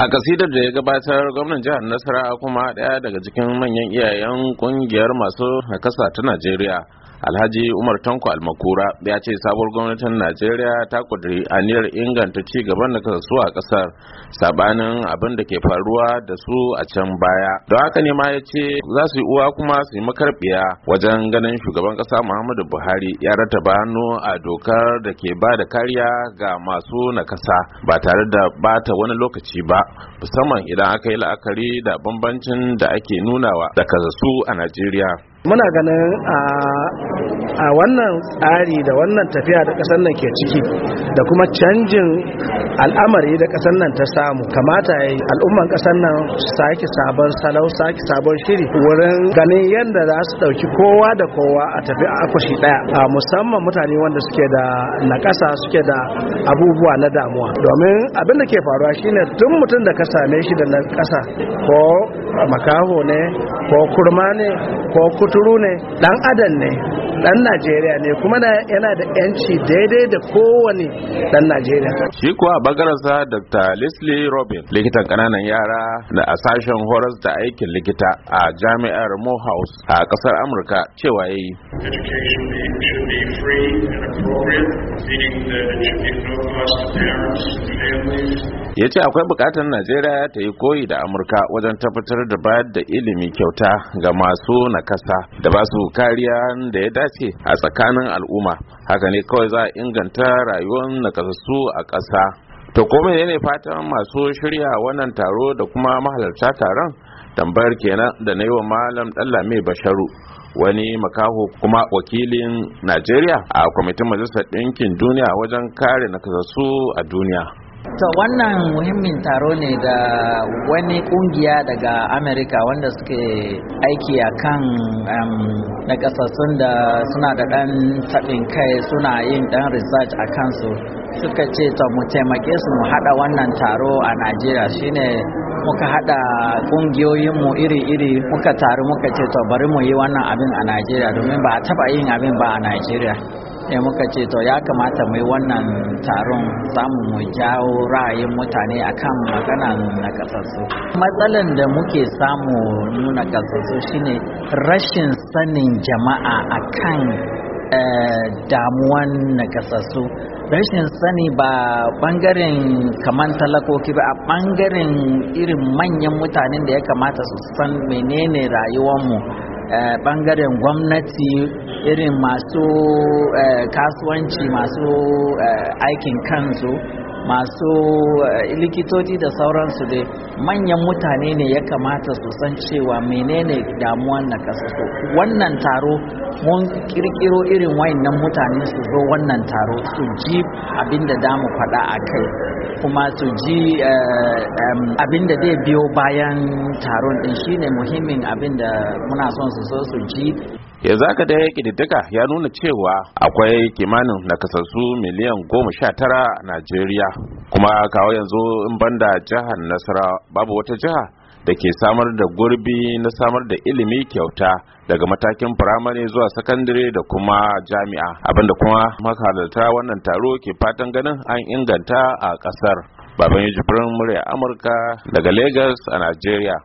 a kasidar da ya gabatar gwamnan jihar nasara kuma daya daga cikin manyan iyayen kungiyar masu nakasa ta najeriya alhaji umar tanko almakura ya ce sabuwar gwamnatin najeriya ta kudiri aniyar inganta ci gaban da kasuwa a kasar sabanin abin da ke faruwa da su a can baya da haka ne ma ya ce za su yi uwa kuma su yi makarbiya wajen ganin shugaban kasa muhammadu buhari ya rataba hannu a dokar da ke ba da kariya ga masu nakasa ba tare da bata wani lokaci ba musamman idan aka yi la'akari da bambancin da ake nunawa da kasasu a najeriya muna ganin a ah, a wannan tsari da wannan tafiya da kasar nan ke ciki da kuma canjin al'amari da kasar nan ta samu kamata ya yi al'umman kasar nan sake sabon salau sake sabon shiri wurin ganin yadda za su dauki kowa da kowa a tafi a kushi daya a musamman mutane wanda suke da nakasa suke da abubuwa na damuwa domin abin da ke faruwa shine tun mutum da ka same shi da nakasa ko makaho ne ko kurma ne ko kuturu ne dan adam ne dan najeriya ne kuma yana da yanci daidai da kowane dan najeriya shi kuwa bagararsa dr leslie robin likitan kananan yara da a sashen horas da aikin likita a jami'ar morehouse a kasar amurka cewa ya yi ya ce akwai bukatar najeriya ta yi koyi da amurka wajen tabbatar da bayar da ilimi kyauta ga masu nakasa da ba su kariya da ya dace a tsakanin al'umma haka ne kawai za a inganta rayuwar nakasassu a ƙasa ta kuma ne fatan masu shirya wannan taro da kuma mahalarta taron tambayar kenan da na yi wa malam dallame basharu wani makaho kuma wakilin najeriya a kwamitin majalisar ɗinkin duniya wajen kare nakasassu a duniya to wannan muhimmin taro ne da wani kungiya daga amerika wanda suke aiki a kan nakasassun da suna da ɗan taɓin kai suna yin ɗan research a kansu suka ce ta mu taimake su mu haɗa wannan taro a najeriya shine muka hada kungiyoyinmu iri-iri muka taru muka ce to bari mu yi wannan abin a najeriya domin ba a taba yin abin ba a najeriya ya muka ce to ya kamata mu yi wannan taron samu mu jawo ra'ayin mutane akan na nakasassu matsalan da muke samu nuna kasassu shine rashin sanin jama'a akan eh, damuwan nakasassu rashin sani ba bangaren kaman talakoki ba a bangaren irin manyan mutanen da ya kamata su san menene rayuwarmu eh, bangaren gwamnati irin masu eh, kasuwanci masu eh, aikin kansu masu eh, likitoci da sauransu dai manyan mutane ne ya kamata su san cewa menene damuwan na so wannan taro mun kirkiro irin wayannan mutane su zo wannan taro su ji abinda da mu faɗa a kai kuma su ji eh, abinda zai biyo bayan taron din shine muhimmin abinda muna son su so su ji ya zaka da ƙididdiga ya nuna cewa akwai kimanin nakasassu miliyan goma sha tara a najeriya kuma kawo yanzu in banda jihar nasara babu wata jiha da ke samar da gurbi na samar da ilimi kyauta daga matakin firamare zuwa sakandare da kuma jami'a abinda kuma makalarta wannan taro ke fatan ganin an inganta a kasar baban jifirin murya amurka daga Legas a najeriya